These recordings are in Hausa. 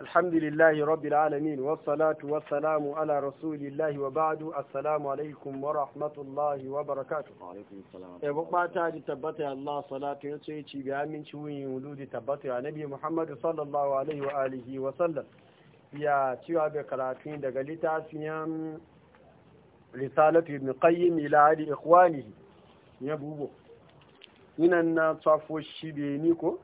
الحمد لله رب العالمين والصلاة والسلام على رسول الله وبعد السلام عليكم ورحمة الله وبركاته وعليكم السلام يبقى تعالي تبتع الله صلاة يتشيكي بأمن شوي ولود تبتع نبي محمد صلى الله عليه وآله وسلم يا تيوى بكراتين دقلتا سيام رسالة ابن قيم إلى عدي إخوانه يبوبو من الناس صفو الشبينيكو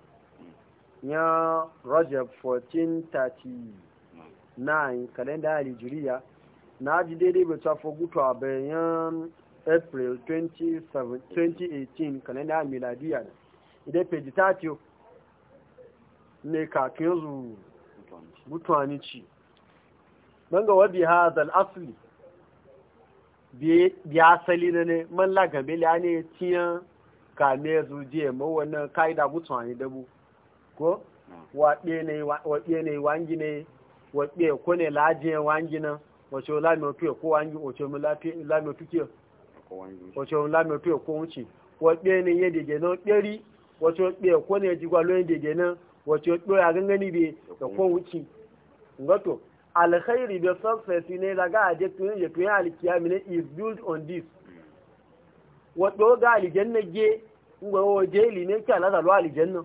ya rajab 1439 kalenda alijiriya na ji daidai bai tafi gutu a bayan april 2018 kalenda miladiya da idan peji ta ce ne kakin yanzu mutuwani ci don ga wabi ha zal asali biya asali na ne man lagabe ne tiyan ka ne zuje ma wannan ka'ida mutuwani dabu ko waɗe ne ne wangi ne waɗe ko ne lajiyan wangi nan wace lami otu ko wangi wace lami otu ke wace lami otu ko wuce waɗe ne ya dege nan ɗari wace waɗe ko ne jigwa lo ya dege nan wace waɗe ya gangani be da ko wuce ngato alkhairi da success ne ga aje tun ya tun alkiyami ne is built on this wato ga aljanna ge ngwa waje li ne ka la da aljanna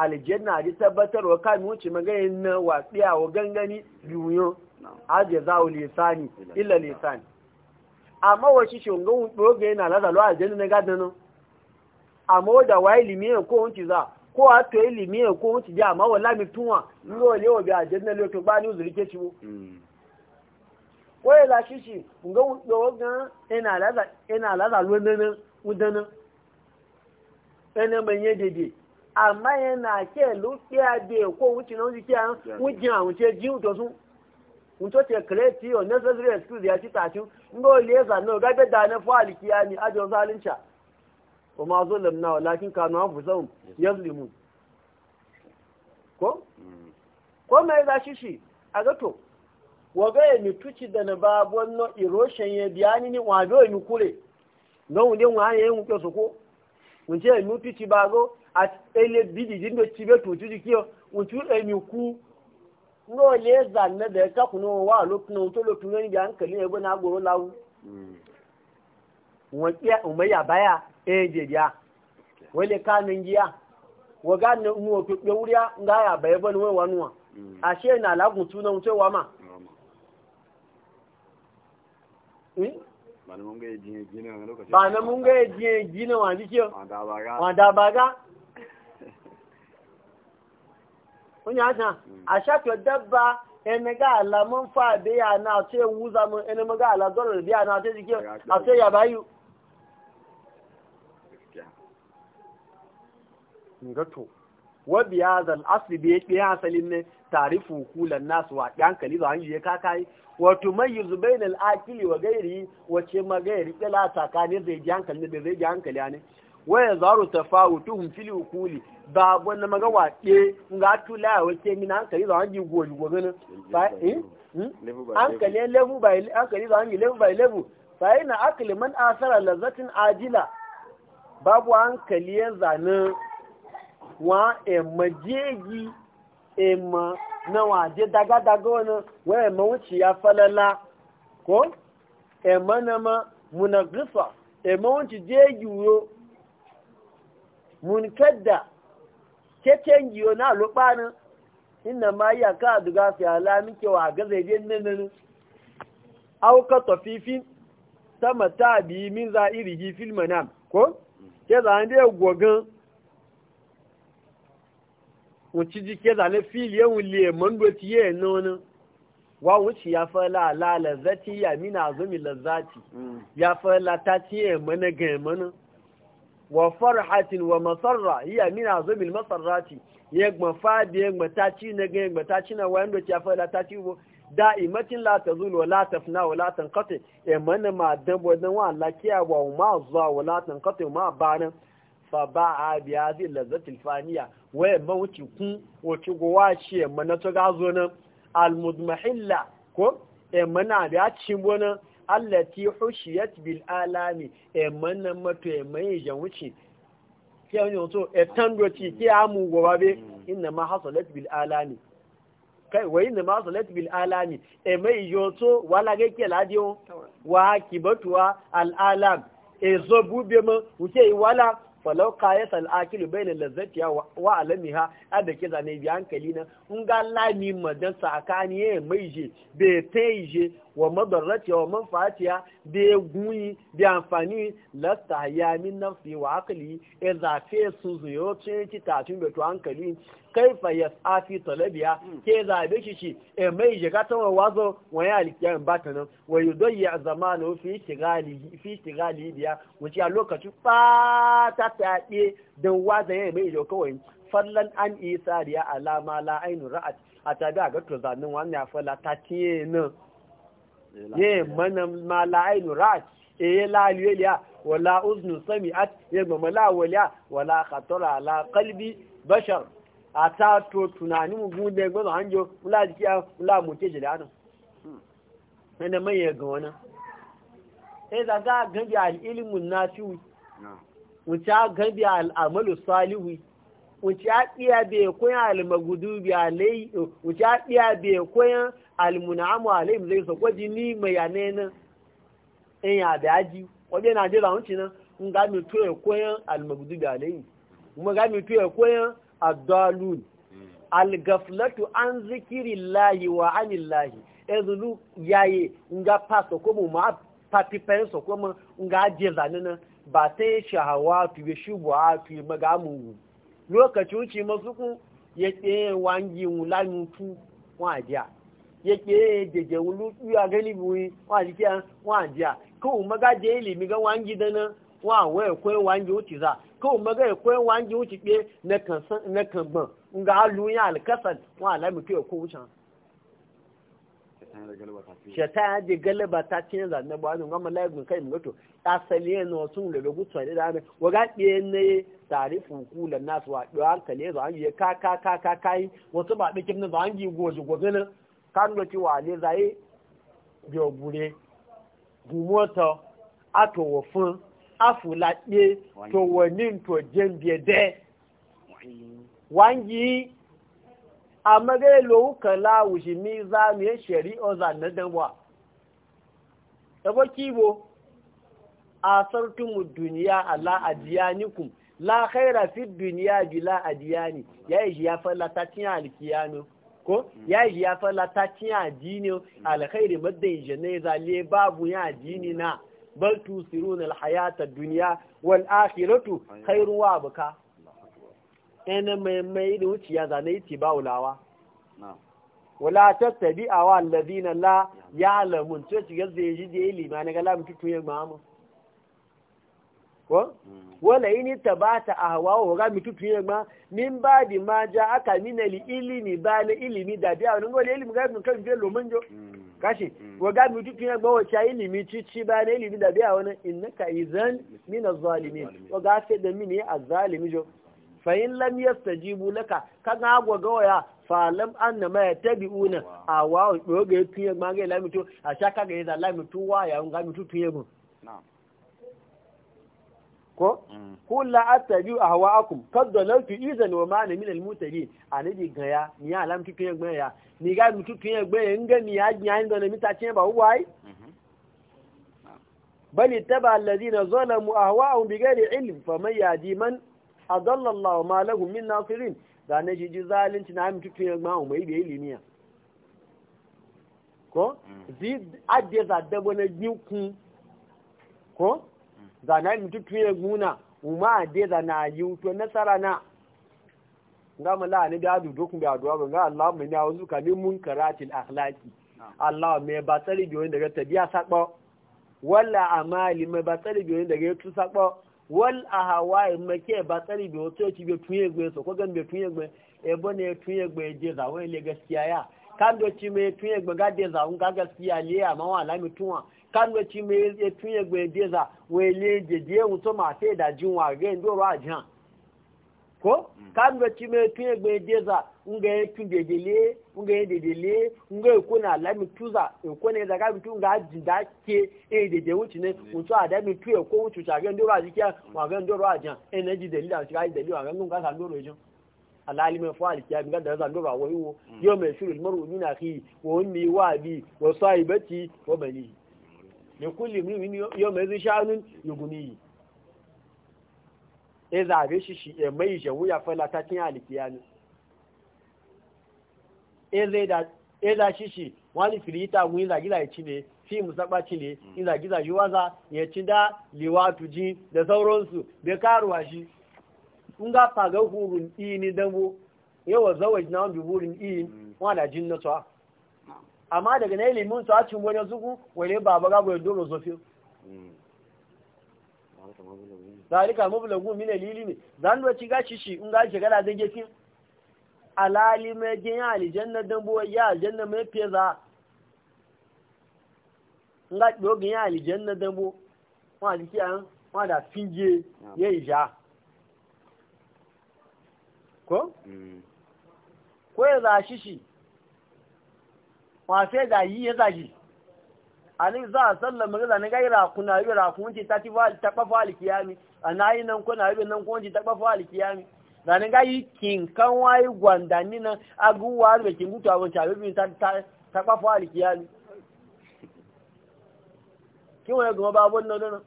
aljanna ji tabbatarwa kan wuce maganin na watsiya wa gangani biyu aje za a lesani illa lesani. amma wasu shungun doga yana lazalo aljanna na gadanu amma wadda wa ilimi ko wunci za ko a to ilimi ko wunci ji amma wala mituwa ngo wa bi aljanna le to ba ni ke ci mm. ko ila shishi ngon doga yana laza yana laza lwendana udana ene manye dede a yẹn nà àkẹ́ ló kí adé èkó òun ti náà ń kí àwọn ń jẹun àwọn ṣe jíun tó sún ń tó ṣe kìrẹ́ẹ̀tì necessary excuse yẹn títà tún ń ni ájọ sáré ń ṣà kò máa zó lẹ̀mú kanu àwọn fòsọ́hùn yẹn lè mú. kó mm. kó mẹ́rin ta ṣíṣì àgọ́tò wọ́gá èmi túchì dànù bá bọ́ ná ìró ṣẹ̀yìn nje emi utu ti bago a ele bidi jindo ti be tu tuji kiyo utu emi ku ngo le za ne de ka kuno wa lo kuno to lo kuno ni ga nkeli ebo na goro lawu won ya o me ya baya e dia wele ka ne ngia waga ga ne mu o pe wuria nga ya ba ebo ni we wanuwa hmm. ashe na lagun tu na mutwe ba na munga jiye gina wani lokaci ba na munga jiye gina wani kiyo wanda baga kunya hata mm. a shakiyar dabba ẹni ga alamun fa ya na ce wuza mun ẹni maga alazorar biya na ce jike a ce ya bayu ngato wabiya zal asli ya asali ne tarifu kulan nasu wa hankali za hanji ya kakai wato mai yi zubai na al'akili wa gairi wace ma gairi tsila tsakani zai ji hankali da zai ji hankali ne waya ru ta fawo hun fili hukuli ba wani maga waɗe ga tula ya wace mina hankali za hanji goji gobe ne hankali lebu by hankali za hanji lebu by lebu fa yana akali man asara ajila babu hankali ya zane wa ema na je daga-daga wani waya mawuci ya falala ko ema na ma munagrifa ema wuci je yiwuyo munkadda keken yiwu na lupanin inna ma yi aka aduga fi alamin kewa ga zaibe nanin auka fifin sama ta minza min za'irihi na manam ko ke zan da gogan wacce jike zane fili ya ya mando tiye nonin wa wuce ya fara la lazati ya mina zumi lazati ya fara ta tiye mana ga mana wa farhatin wa masarra ya mina zumi masarrati ya gbafa da ya gbata ci na ga ya gbata ci na wa ndo ya fala ta ci bo da'imatin la tazul wa la fina wa la tanqati ya mana ma dan don wa lakiya wa ma zuwa wa la tanqati ma banan fa ba a biya zai lazzatul faniya waye ma wuce kun wace gowa ce ma na to gazo nan almudmahilla ko e eh, mana biya ci bona allati hushiyat bil alami e eh, mana mato e eh, mai jan wuce ke wani to e tando ci ke amu gowa be inna ma hasalat bil alami kai wa inna ma hasalat bil alami e mai wato wala ga ke ladio wa kibatuwa al alam e zo bube ma wuce wala falau kayat al'akilu bai da lazzatiya wa ha a da ke zane biya hankali na in ga lami madan tsakani ya mai je bai ta yi je wa madarraci wa manfaatiya da ya gunyi da amfani lasta ya min fi wa hakali ya e zafe su zuyo cin ci tatun bai to hankali kaifa ya tsafi talabiya hmm. ke zabe shi shi e mai shiga ta wazo wani alikiyar bata nan wayo don ya zama na fi shigali biya wuce a lokacin ɓata fyaɗe don wazo ya mai shiga kawai fallan an isa riya alama la ainu ra'at a tabi a ga tuzanin wani ya fala ta tiye nan ye mana ma la ainu ra'at e ya laliyo liya wala uznu sami'at ya mamala waliya wala khatara ala qalbi bashar a ta to tunani mu gude gbazo hanjo kula jiki a kula mu ke jilano sai da mai ga wani sai da ga gabi al-ilmun nafiwi wuce gabi al-amalu salihi wuce iya be koyan al-magudubi alai wuce iya be koyan al-munamu alai zai so kwaji ni mai yanena in ya da aji wajen na jira wuce nan in ga mi to koyan al-magudubi alai kuma ga mi to koyan addalun algaflatu an lahi wa anillahi ezulu yaye nga paso ko mu ma papi penso ko mu nga je zanana ba ta shahawatu be shubuhatu maga mu lokaci uci masu ku yake wangi wulanu tu wa ja yake jeje wulu ya gani buyi wa jiya ko maga je ilimi ga wangi dana wa ko wangi za ko maga ya koyan wangi wuce ɓe na kan ban ga halu ya alkasar wa alami ke ko wucin shata ya je galiba ta cinye zanen ba wani gama laifin kai mutu asali yana wasu daga gutsuwa da dame ga ɓe ne tare fuku da nasu wa ɗaya kale za a yi ka ka ka ka kayi wasu ba ɗakin ne za a yi goji goji na kan da cewa ne za a yi biyo gure gumota ato wa fun afulaɗe to wani to jembe de wangi a magayi lowukan lawushi ni za mu yi shari'o zanen wa ɗaba bo a sartunmu duniya ala adiyanikum la la'akaira fi duniya bila adiyani ya yi shi ya ta cinya alkiyano ko mm. ya yi shi ya ta cinya adini alkhairi madan jane zale babu ya adini na bal tusiruna alhayata dunya wal akhiratu khairu wa baka ene mai mai da ya zane yi ba ulawa wala tattabi awa allazina la ya'lamun to ci gaza yi da ma na ga lamu ya mamu ko wala ini tabata wa ga ya ma min badi ma ja aka min al ilimi ba na ilimi da biya wani ngole ilimi ga kan je lomanjo mm. kashi mm. waga mutu tun yagba wacce ya ilimi cici ba na ilimi da biya wani inna ka izan mina zalimi waga sai da mini a zalimi jo fa'in lam yasta jibu laka ka ga agwa gawaya falam an na maya tabi una a wawo ga tun yagba ga ilimi a sha ka ga yi zalimi to waya ga mutu tun yagba ko kula mm. akum ahwaakum qad dalaltu idhan wa ma'ana min al-mutadin anabi gaya ni alam ki kiyan gbaya ni ga mutu ki kiyan gbaya nga ni ya nya ndo ne mi ta chen ba wai mhm. bal ittaba alladhina zalamu ahwaahum bighairi ilm faman yadi man adalla Allah ma lahu min nasirin da ne ji ji zalunci na mi tun ya gbaya mai bi ilimiya ko mm. zid adeza dabo na gin kun ko zana mutu tuye guna umma de zana yi to nasara na nga mala ni da du dokun da duwa ga Allah mun ya wuzu mun karatun akhlaqi Allah mai ba tsari biyo daga tabiya sakbo wala amali mai ba tsari biyo daga yutu sakbo wal ahawai me ke ba tsari biyo to ci be tuye gbe so ko gan be tuye gbe e bone tuye gbe je za wai le gaskiya ya kan do ci me tuye gbe ga de za un ga gaskiya le ma wala mi tuwa kánú e e, e tí mo tún yẹ gbẹ̀ẹ́ díẹ̀ sá wọ́n lé dèdè ẹ̀hún tó máa fẹ́ ìdájí wọn àgẹ́ ìdóró àjàn ko kánú tí mo tún yẹ gbẹ̀ẹ́ díẹ̀ sá ń gẹ̀ tún e lé ń gẹ̀ dèdè lé ń gẹ̀ èkó náà lámì tú sá èkó náà ìdàgá mi tún gà jìdá ké ẹ̀ dèdè ẹ̀hún tìǹẹ́ ń tún àdá mi tú èkó ń tún àgẹ́ ìdóró àjíkẹ́ wọn àgẹ́ ìdóró àjàn ẹ̀ náà jìdè lílà òṣìkà jìdè lílà àgẹ́ ńgá sá lóró ẹ̀jọ́ alalime fali kiya mi ganda zan wa yiwo yau mai shirin maru min akhi wa ummi wa abi bani da kullum rimin yau mai zishanun yuguniyi ya e zabe shi shi ya e mai shawu wuya fala ta cin alikiya ne ya za shi shi wani firita wani zagiza ya ci ne fi musabba ci ne mm. in zagiza yi waza ya ci da liwatu ji da sauransu da karuwa shi in ga fagar hurun ini dambo yawa zawaj na wani hurun ini mm. wani jin na tsawa amma daga na ilimin su a cikin wani zuku wani baba gabo ya doro zofi zalika lagu min lili ne zan do ci gashi shi in gashi gada da gefin alali mai jin aljanna dan bo ya na mai feza in ga dogin ya aljanna na bo wa jiki an wa da finje ya ja ko hmm. ko ya a shi sai da yi ya zagi ani za a sallar magaza na gaira kuna yi rakun ce ta ci ta kafa a na yi nan kuna yi nan kuna ce ta fali kiyami da ni gayi kan wayi gwandani nan aguwa da kin gutu abin ta bibin ta ta kafa alkiyami kin wani goma ba nan nan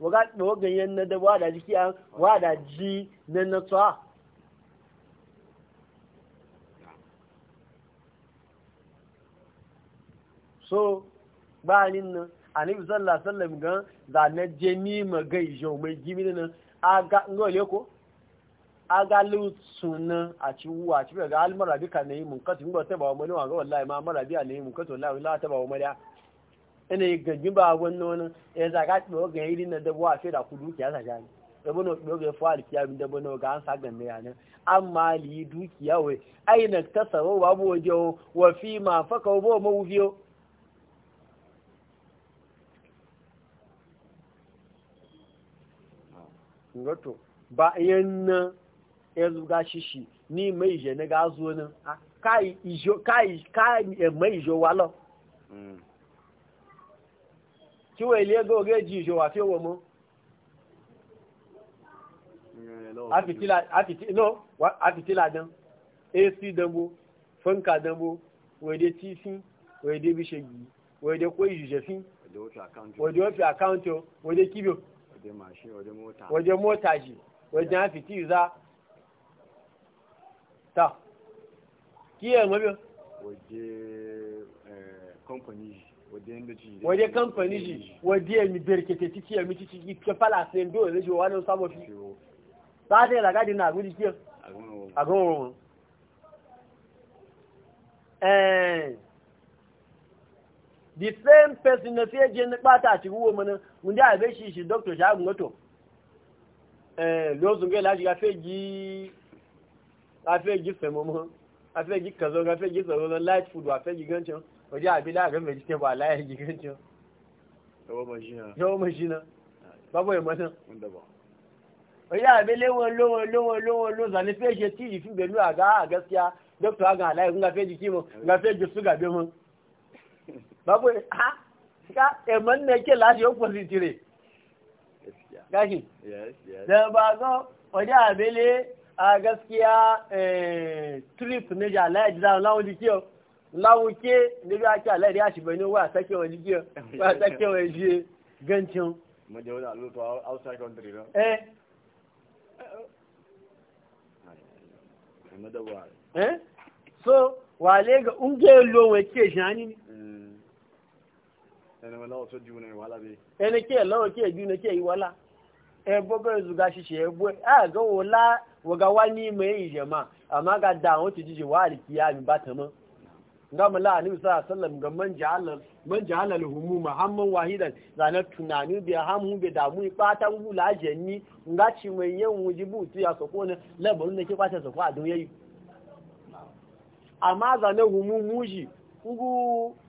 waga da wagan na da wada jiki an wada ji nan na tsawa so bayanin nan anibu sallallahu alaihi gan za na je ni ma gai mai gimi nan aga ngole ko aga lu sunna a ci wuwa ci ga almara bi ka nayi mun kati ngwa ta ba mu wa ga wallahi ma mara bi a nayi mun kati wallahi la ta ba mu eh, da ina gajin ba ya zaga do ga irin na dabuwa sai da kudu ki ya zaga na ɗoge fa'al kiyamin na ga an amma li dukiya wai ainihin ta sarau babu wa fi ma faka wa mawufiyo ngoto ba yanna ya zuga shishi ni mai je na gazo nan kai ijo kai kai mai ijo walo mm. ki we le go ge ji ijo wa wo mo afitila afitila no afitila dan ac dambo fanka dambo wede tisin wede bishegi wede ko ijo jefin wede ofi account wede kibio waje mota shi wajen fiti za ta kiyar mabiyo waje kamfani eh, shi waje ya mi berkete titi ya mi titi ki ke fala sai ndo ne shi wani sabo fi ta ta la gadi na gudi ki agon eh the same person na sai je na bata shi ruwa mana wanda a bai eh, shi shi shagun lozun gi femomo gi kazo gi na light food ga gi gancin waje abi la ga mai ba la gi gancin yawo mashina babu ya mana wanda ba waje lewon lowon lowon lowon lo zane fe je ti fi belu aga gaskiya doctor aga alai kun ga gi kimo gi su mun babu ha ka eman eh, ne ke lati yau kwasi tire gashi da ba zo wajen abele a gaskiya eh, trip ne ja lai da zama lawon jikiyo lawon ke ne bi ake alai da ya shi wa sake wa jikiyo wa sake wa jiye gancin maje wani alutu outside country no eh. eh so wale ga unge lo wa ke shani ẹni kí ẹ lọ́wọ́ kí ẹ bí ní kí ẹ yí wọ́lá ẹ bọ́bẹ̀ ìzùgá ṣiṣẹ́ ẹ bọ́ àgọ́ wò lá wọ̀gá wá ní ìmọ̀ ìyẹ̀mà àmọ́ ká da àwọn ti jíjẹ wà àlìkí àmì bá tẹ̀ mọ́ gama la anabi sallallahu alaihi ga man ja'ala man ja'ala al-humum hamman wahidan zana tunani bi hamu bi damu fatan gula jenni ngaci mai yan wujibu tu ya soko ne labarin da ke kwata soko a duniya amma zana humumu shi ugu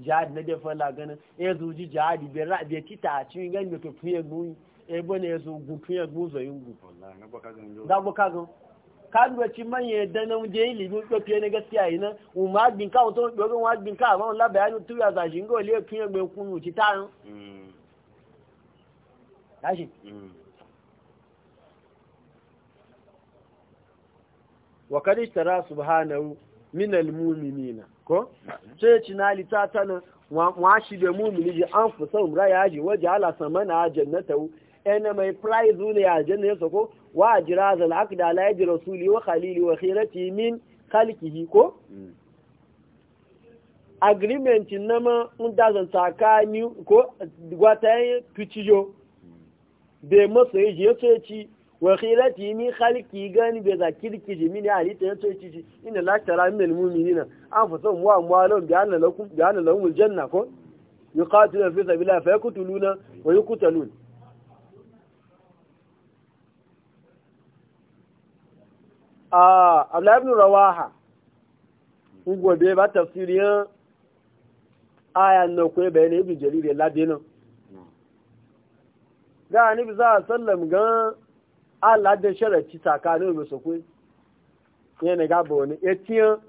jihadi na bai fala ganin ya e zuji jihadi bai bai tita a cikin gani da tufin ya gumi e ya bane ya zo gufin ya guzo yin gu da bu kagan kalwaci manye da na je ilimin tsofiye na gaskiya yi nan umar bin kawo to dogon wa bin kawo ma wala bayanin tuya za shi ngole ya kiyan kunu ci ta tayin mm. tashi mm. wa kadi kadishtara subhanahu min almu'minina ko ce ci na lita ta nan wa shi da mu ji an fi mura ya ji waje ala sama na jannata ena mai prize ne a janna yasa ko wa jira zal aqda alayi jira rasuli wa khalili wa khirati min khalqihi ko agreement nama un dazan ni ko gwata yi yo bai masa yi je ci wakilati mi halki gani bai za kirki ji mini ali ta yato ci ci inda la tara min al mu'minina an fa son wa amwalon bi anna lakum bi anna lahum al janna ko yuqatiluna fi sabilillahi fa yaqtuluna wa yuqtalun ah abla ibn rawaha ugo be ba tafsirin aya na za sallam Allah da sharaci tsakanin mai su kun yana gaba wani etiyan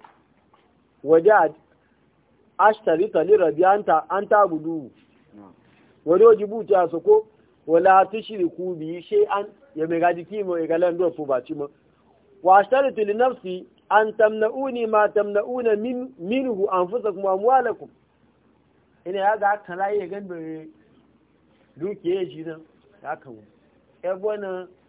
waje ashtari tali rabi an ta wani a soko wala tushriku bi shay'an ya mai gaji kimo ya galan do fu baci mo wa ashtaritu li nafsi an tamna'uni ma tamna'una min minhu anfusakum wa amwalakum ina ya ga kala ya ganda dukiye shi ya kawo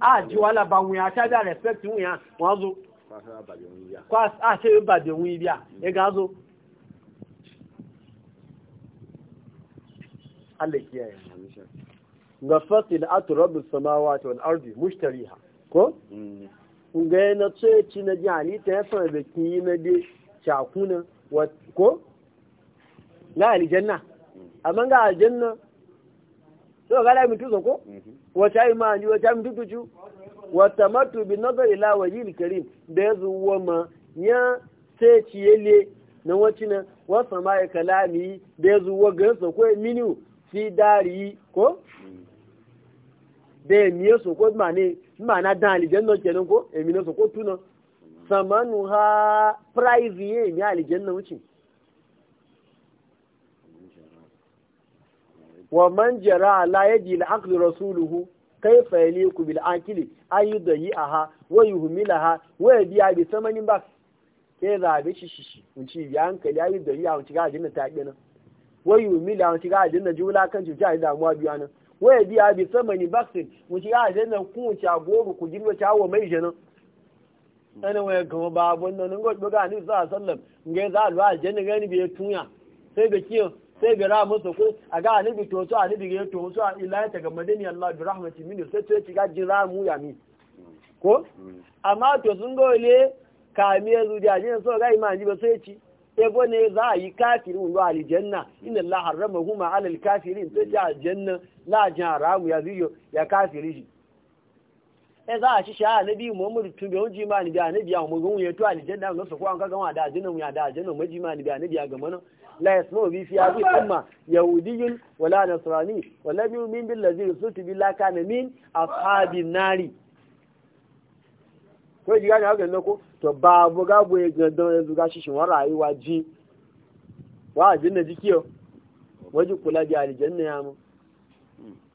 àjí ah, wà lábà wọn àṣájá respect wùn yàn wọ́n zo kọ́ àṣẹ ìbàdẹ̀ ibi à ẹgá ga fasil aturabu samawa ta wani arzi mushtari ha ko? na ji fara na cakuna ko? aljanna amma ga aljanna so gala mi tuzo ko wata imani wata mi tutuju wata matu bi nazar ila wajil karim da ya zuwa ma ya sai ciyele na wacina wa sama ya kalami da ya zuwa gansa ko minu fi dari ko da e ya miye so ko ma ne ma na dan alijan nan kenan ko emina so ko tuna mhm. samanu ha prize ye mi alijan nan wuce wa man jara ala yadi al-aql rasuluhu kaifa yaliku bil akili ayu aha wa yuhmilaha wa biya bi samanin ba shishishi zabe shi shi unci bi hankali yi dayi'a unci ga jinna ta gina wa yuhmila unci ga jinna jula kan ci ta damuwa biya nan wa biya bi samani baksin unci ga jinna ku ci agogo ku jirwa ta wa mai jana ana waya gama ba abun nan ngo doga ni sallam ngai za alwa jinna gani bi tunya sai da kiyo sai bi ra musu ko a ga bi toso to anibi ga to so ila ta ga madani Allah bi rahmati min sai to ci ga jira mu ya mi ko amma to sun mi kamiye da ni so ga imani ba sai ci bo ne za a yi kafirin wa aljanna inna Allah harrama huma alal kafirin sai ja aljanna la jan haramu ya ziyo ya kafiri sai za a ci sha annabi muhammadu tun bai wuce ma ni bi annabi ya mu gunwe to aljanna ga su ko an kaga wa da ajinin mu ya da mu maji ma ni bi anabi a ga mana la yasmu bi fi abi umma yahudiyyun wala nasrani wala bi bil ladzi rusultu billahi kana min ashabin nari ko ji gani haka ko to babu gabo ya ga don yanzu gashi shin wa rayuwa ji wa ajinna jikiyo waji kula bi aljanna ya mu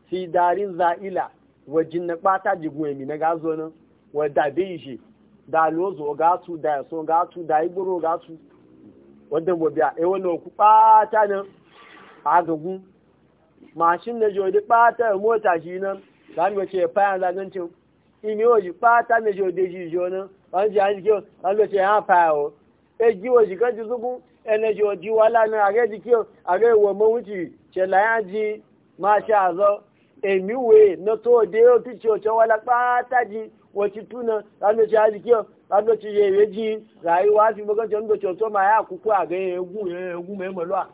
fi darin za'ila wajen na ɓata jigun emi na gazo nan wadda bai shi da lozo gatu da yaso gatu da igboro gatu wadda bobiya e wani oku ɓata nan a gagun mashin na jodi ɓata mota shi nan za mu ce fayan zagancin imi oji ɓata na jodi shi jo nan wọ́n jẹ́ àjíkí ọlọ́ ṣe hàn pa ọ̀ ejì òjì kan ti súnkún ẹnẹ́jì òjì wà lánàá ààrẹ ti kí ọ ààrẹ ìwọ̀ mọ́wútì ṣẹlẹ̀ àjí máa èmi wèé nọ́tò òde ó ti ṣe wa lápá tájì wọ́n ti túnà lánàá ṣe àdìkí lánàá ṣe yẹ ìwé jí ràyè wá sí mọ́gán jọ́nù lọ́sọ̀ tó máa yá àkókò àgẹ́ egún egún mẹ́mọ́ lọ́wọ́.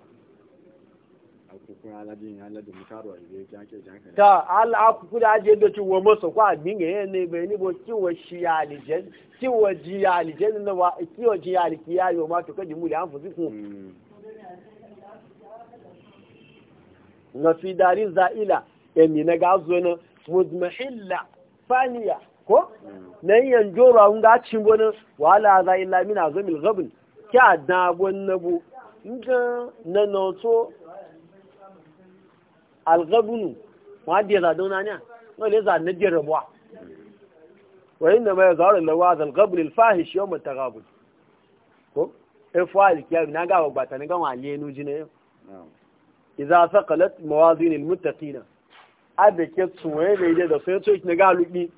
àkókò aládé yẹn aládé mi káàrọ̀ ìwé jákè jákè. tá àkókò aládé yẹn lọ́tí wọ́n mọ̀ sọ́kọ́ àgbìngẹ̀ yẹn ní ibẹ̀ emi na gazo na muzmahilla faniya ko na yan jora un ga cin bonin wala za illa min azamil ghabn kya dagon gonna bu inda na noto al ghabn ma da za dona ne no le za na je rabuwa wa inna ma yazharu lawaz al ghabn al fahish yawm al ko e fa al kiyam na ga wa gbata ni ga wa lenu jine yau idza saqalat mawazin al muttaqina abeke tsuwaye da ide da sun tsoki na galubi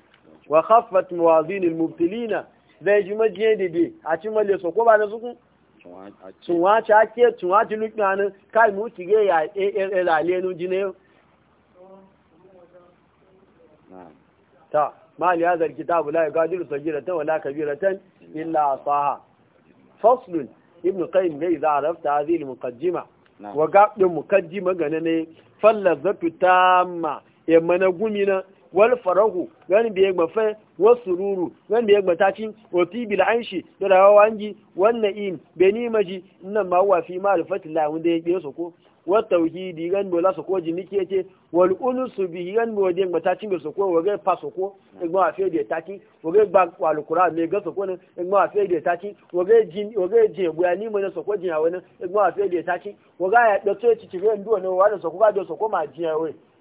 wa khaffat mawazin al-mubtilina zai ji majiye dede a ci malle so ko ba na zuku tsuwa ci ake tsuwa ci lukin hannun kai mu ci ga ya e, e, e, lale nu ji ne ta mali ya zargi ta bula ya gajiru sagiratan wala kabiratan illa saha faslun ibn qayyim gai za a rafta hadhihi al-muqaddima wa gabdin mukaddima ganane fallazatu tamma yamma na gumina wal farahu gani biye gbafe wa sururu gani biye gbataci wa fi bil aishi da rawa wangi wan na'im be ni maji nan ma wa fi ma ma'rifati la wanda ya biye ko wa tauhidi gan bo la soko ji nike ce wal unusu bi gan bo de gbataci be soko wa ga fa soko igba afi de taki wa ga ba wal qur'an me ga soko ne igba afi de taki wa ga jin wa ga je bu ya ni mo ne soko jin ya wani igba afi de taki wa ga ya da to ci ci ga ndo ne wa da soko ga do soko ma jin ya wani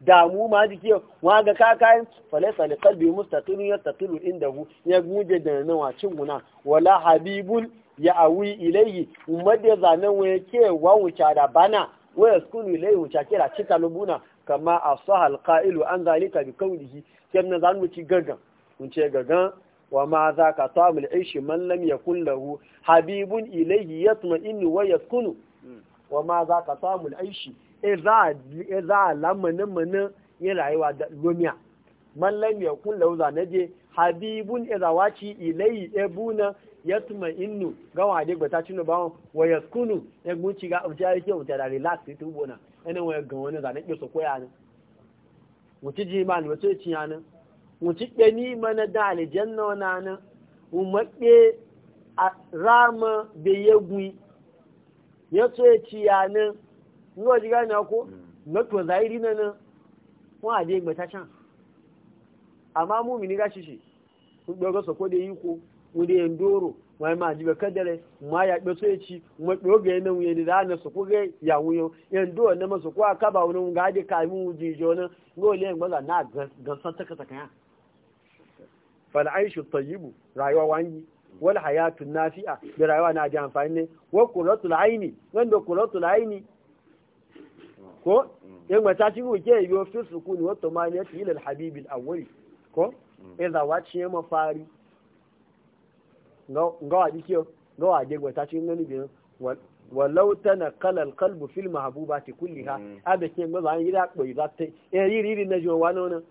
damu ma jike wa ga kakayin falaisa li kalbi mustaqim yattaqilu indahu ya guje da nan wa cin guna wala habibun ya awi ilayhi umadda zanan wa yake wa wuce da bana wa yaskunu ilayhi wuce kira cika lubuna kama asahal qailu an zalika bi qawlihi kem na zan ci gagan mun ce gagan wa ma za ka tamul aishi man lam yakul lahu habibun ilayhi yatma'innu wa yaskunu hmm. wa ma za ka tamul aishi e za a e lamanin yin rayuwa da gomiya mallam ya kun lauza na je habibun izawaci e ilayi ebuna ya tuma innu gawa de gbata cinu ba wa ya kunu e ya gunci ga abuja yake mutu da relax ya tubo na ina ya ga wani zane ke so koya ne mutu ji ma ne mutu ci yana mutu ni mana da aljanna wana ne a rama bai ya gui ya so ci yana zuwa ji gane ko mm. na to zahiri na nan kun aje mata can amma mumini gashi shi kun ɗoga sako da yi ko wani yin doro ma ma jibe kadare ma ya gbe so ci ma ɗoga nan wuye da rana su ko ga ya wuyo yan doro na masu ko kaba wani ga aje kamin wuji jona ga wale yan gbaza na gansan taka taka ya fal'aishu tayyibu rayuwa wangi wal hayatu nafi'a da rayuwa na ji amfani ne wa qurratul aini wanda qurratul aini ko mm. yan mata ci wuke yiwu fi ni wato ma ne fi ilal a wuri. ko ya zawa ci ya mafari ga wa dikiyo ga wa gegwa ta ci ngani biyan walau ta na kalal kalbu fil mahabuba ta kulli ha mm. abe ke maza an gida koyi za ta e, yi riri riri na jiwa wani wani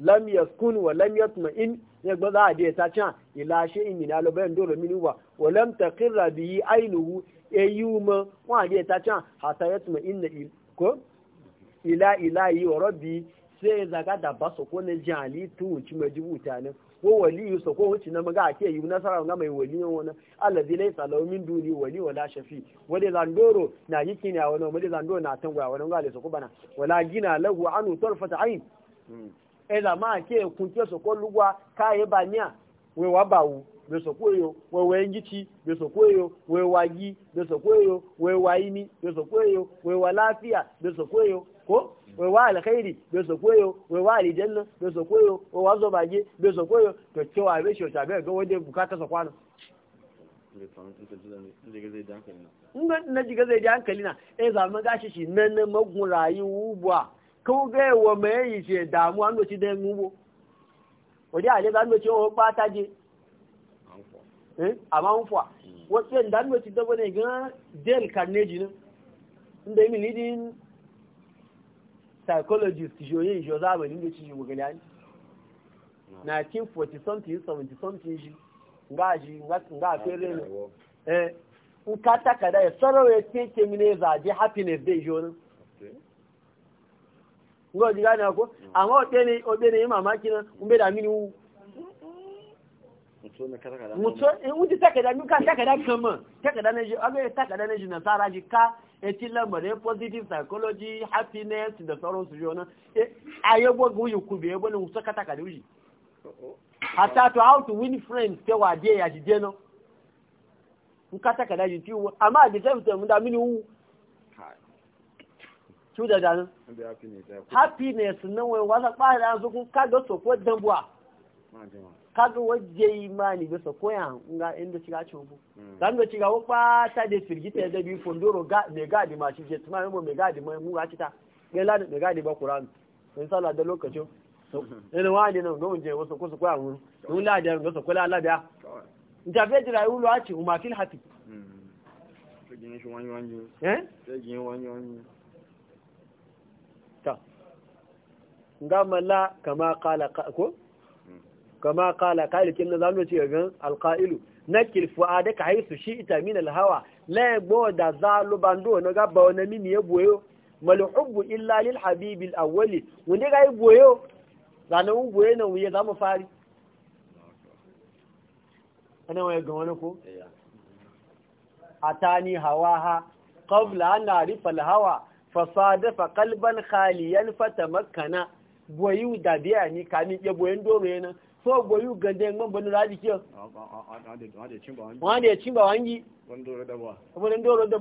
lam kun wa lam yatma in ya gbaza a da ta can ila shi in ina lo bayan dole minu ba wa lam taqirra bihi ainuhu ayyuma e, wa da ta can hatta yatma in ko ila ila rabbi sai zaga da ba su ko na ji halittu mai jibuta ne ko wali yusa ko na maga ake yi nasara ga mai wali min duni wali wala shafi zandoro na yi kina wani wani zandoro na tangwa wani ga lesa ko bana wala gina lahu anu tarfata ain hmm. eh da ma ke kunke su ko lugwa kai ba we wa be so we we be so we lafiya be ko wai wa alkhairi bai so koyo wai wa aljanna bai so koyo wai wa zo bai so koyo to cewa bai shi ta ga wanda bukata sa kwana na jiga zai da hankali na eh zaman gashi shi nan nan magun rayuwa ko ga wa mai yi ce damu an doci da ngubo wadi ale ga doci o ba ta je eh amma un fwa wasu dan doci da bane ga del carnage ne inda mi nidin psychologist ji onye nji ọzọ abalị ndị chiji wogele na 1940 something something ji ngaji nga afere ah, ne eh nka takada ya sọrọ ya tinye kemi na happiness dey ọnụ nga ọjị na akwụ ama ọtene ọtene ịma mamaki na mbe da mini wu mutu in wuce takada eh, takada kama takada takada nasara ka eti lamarin positive psychology happiness da sauransu jona a yabo ga wuyi kube yabo ne musa kataka da wuyi hata to how to win friends te wa de ya jide no nkata kada yi ti wo ama de same time da mini wu tu da dan happiness no we wasa pa da so ku ka do so ko dan bua kaga waje imani bisa koya nga inda shiga cin bu mm. dan ga shiga wa kwata da firgita da bi fondoro ga me gadi ma shi jet ma mu me gadi ma mu ga cita ga la me gadi ba qur'an in sala da lokacin mm-hmm. ne wa ne nan gon je wasu kusa koya mu mun mm-hmm. eh? la da ga so kula la da nta fe jira yulu a ci umma fil hati ta kama kala ko kama kala kalikin na zamu ce gan alqailu nakil fuadaka haisu shi ita min alhawa la yabo da zalu bando na gaba wani mini ya boyo mal hubbu illa lil habibi alawwali wanda ga yi boyo zana un boye na wuye zamu fari ana waye ga wani ko eh, atani hawaha qabla an arifa alhawa fasadafa qalban khaliyan fatamakkana boyu da biya ni kami ya boyen doro yana so goyu gande ngon bonu raji kiyo wanda ya cimba wangi wanda ndoro da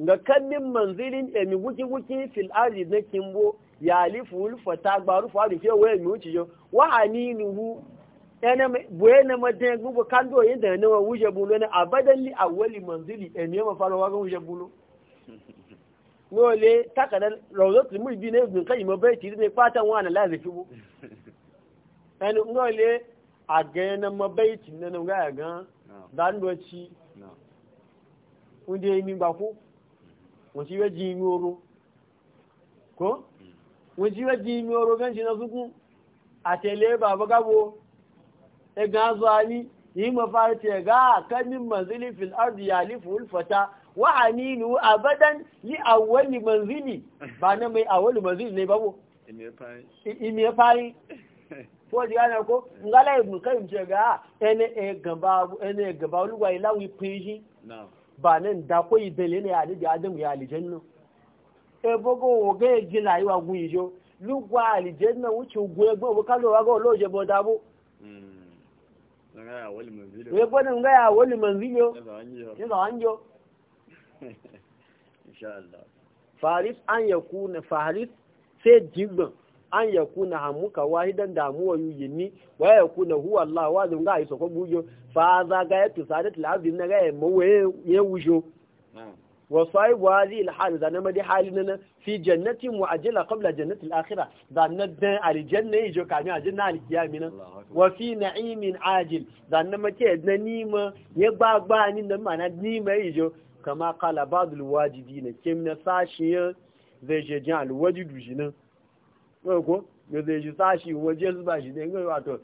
Nga ga kannin manzilin emi wuki wuki fil arzi na kimbo ya alifu ulfa ta gbaru faru fiye waya mi wuce yau wa aninuhu buye na matan gugu kando yin da nawa wuje bulo na abadan li awali manzili emi ya mafara wagon wuje bulo wole takardar rawzatul mulbi ne ibn qayyim bai tiri ne fatan wa na lazifi bu an wole a ga na mabaiti na nan ga ga dan doci unde mi ba ku won ji weji mi oro ko won ji weji mi oro gan ji na zuku atele baba gabo e ga zo ani yi mafari ce ga kanin manzili fil ardi yalifu ulfata wa aminu abadan yi awali manzili ba na mai awwali manzili ne babu imi ya fari ko ji ana ko ngala ibn kayyim ce ga ene e gamba ene e gamba luwa ila wi pinji ba nan da ko ibele ne ali da adam ya aljanna e bogo o ge ji la iwa gun ijo luwa aljanna wuce gwe gbo ka lo wa go lo je bo dabo mm ngaya wali manzili e bodo ngaya wali manzili yo ya zanjo faris an ya kuna faris sai jigban an ya kuna hamuka wahidan damuwa yuyini wa ya kuna huwa Allah wa zunga yi sokon bujo fa za ga ya tusadat lazim na ga ya mawaye ya wujo wa sahibu hadhihi alhal da na madi halin na fi jannatin mu'ajjala qabla jannati al-akhirah da na dan aljanna yijo kamin aljanna al-qiyamina wa fi na'imin ajil zan na mace na nima ya gbagba ni na mana nima yijo kama kala ba badul wajibi na kim na ya zai je jin alwajidu shi nan wai ko ya zai ji sashi waje zuba shi da yanzu wato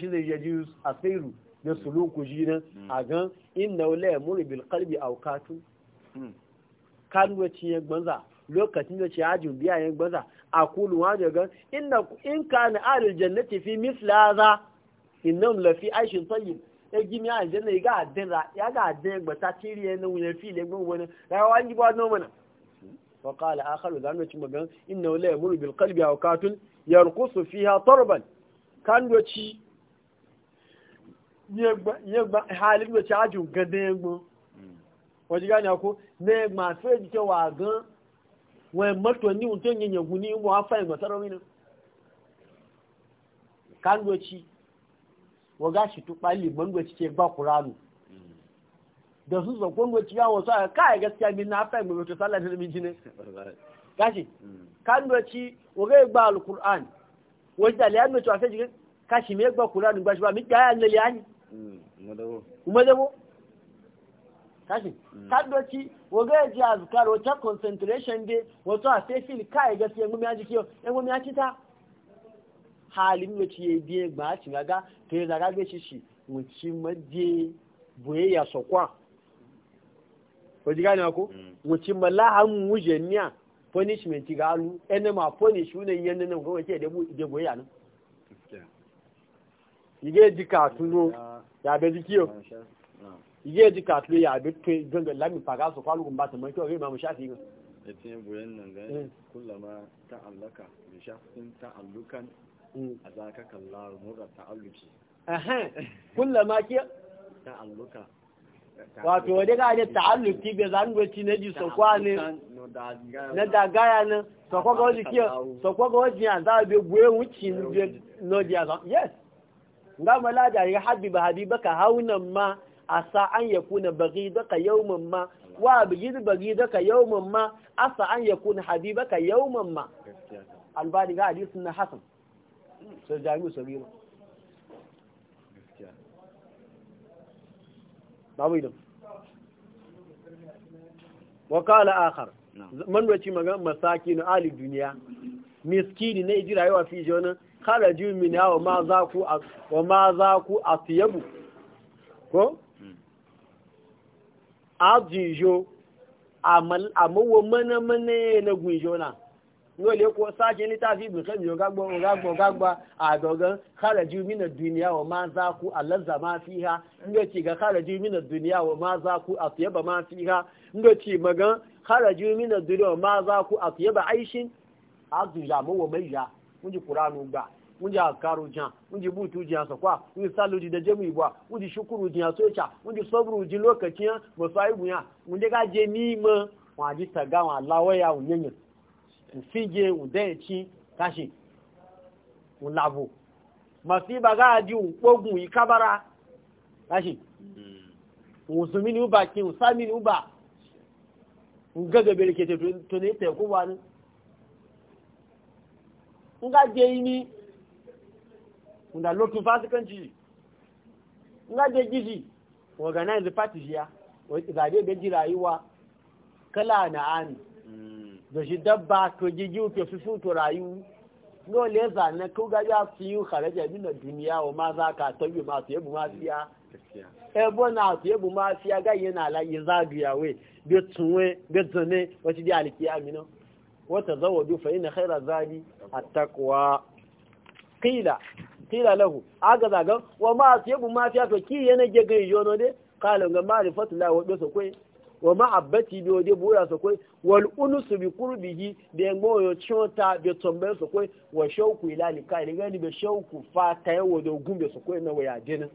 shi zai a asiru na suluku shi nan hmm. a gan wule ya muri bil a wukatu hmm. karuwaci ya gbanza lokacin da ce hajjin biya ya gbanza a kulu wajen gan inna in na alil jannati fi mislaza innam lafi aishin tayyib egimi aljanna ya ga den ra ya ga den gbata tiriye na wuya file gbon wani rawa ji ba no mana fa qala akharu da annabi magan inna la yamuru bil qalbi aw katun yarqusu fiha tarban kan gba yegba yegba halin doci aju gaden gbon waji gani ko ne ma fe ji ke wa gan wọn mọ́tò ní ohun tó yẹnyẹ̀gùn wa gashi tuɓali bango cike ba kuranu da su zo kongo ciya wasu a kai gaskiya min na fa mai to sallah mm. da min jine mm, gashi mm. kan ci wa ga ba alquran wa da liyan mai to afa jige kashi me gba qur'an gashi ba mi ga ya ne liyan kuma bo kashi kan ci wa ga ji azkar wa ta concentration de wato a sai fil kai gaskiya mun ya ji eh, mun ya ci ta halin mace ya biye ba ci gaga ya zaga gashi shi mace maje ya sokwa ko ji gane ko mace mm. punishment ga alu ene ma punish yanda nan ko wace da da nan tuno ya be dikiyo tuno ya be to ganga lami faga so kwalu kun ba ta mai ma mu shafi ga yace boyen nan ga eh. kullama ta'allaka bi shafin ta'allukan Mm. a za ka kalla murar ta'alluki kullama ke ta'alluka wato wadda ga ne ta'alluki bai zangoci na ji sokwa ne na dagaya ne sokwa ga wajen kiyo sokwa ga wajen yanzu a bai goyon wuce na no a zan yes ga malada ya habiba habiba ka haunan ma a sa an ya kuna bagi daga yawman ma wa bagi bagi daga yawman ma a sa an ya kuna habiba ka yawman ma albani ga hadisun na hasan sai jami'u sabi ma babu idan wakala manwaci magana masaki na ali duniya miskini na iji rayuwa fi ji kharaju min wa ma za ku wa ma za ku asiyabu ko hmm. ajijo a mawa mana mana na gunjona wọ́n lè kó sáàjẹ́ ní tàbí ìbùsọ́mì ọgágbọ́ ọgágbọ́ ọgágbá àdọ̀gán kárẹ̀jú mínà duniya wa máa zákú alẹ́zà máa fi ha ndọ́tí ga kárẹ̀jú duniya fi ha duniya àkàrò jàn wọ́n ti búùtù sọ̀kwà wọ́n ti dẹjẹ́ mu ìbọ̀ wọ́n ti ṣukuru jàn sóòchà sọ́bùrù jì lókàtí yẹn mọ̀sọ́ àìbù ká jẹ ní ìmọ̀ wọ́n àti tàgá wọn aláwọ̀ yà wọ́n fíje ǹdẹ́ẹ̀kí káṣì ǹlàbò màsíbà gáàdì òpógùn ìkábára káṣì òsùnmí ni ó bà kí òsámi ni ó bà gẹ́gẹ̀bẹ̀rẹ̀ kẹtẹ̀ tó ní tẹ̀kú wa ní ń gájẹ iní ǹdàlótún fásikẹ́ntì organize party ya ìgbàdé ìgbẹ́jì rayuwa kala na ani mm. da shi dabba to gigi ke fi sun to rayu dole za na ko ga ya fi yi kharaja min duniya wa ma za ka tabi ma su yabu mafiya ebo na su yabu mafiya ga yana la yi zagiya we bi tunwe bi zane wata di alkiya mino wata zawadu fa ina khaira zadi attaqwa qila qila lahu aga zaga wa ma su yabu mafiya to ki yana je ga yono de kalon ga ma'rifatu la wa be so koi wa ma'abbati bi waje ya su kai wal unusu bi kurbihi da ya chota bi tombe su kai wa shauku ila likai ni gani bi shauku ta yawo do gumbe su kai na waya dena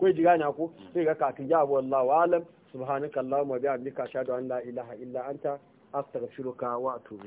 kai ji na ko sai ga ka tija wallahu alam subhanakallahumma bihamdika ashhadu an la ilaha illa anta astaghfiruka wa atubu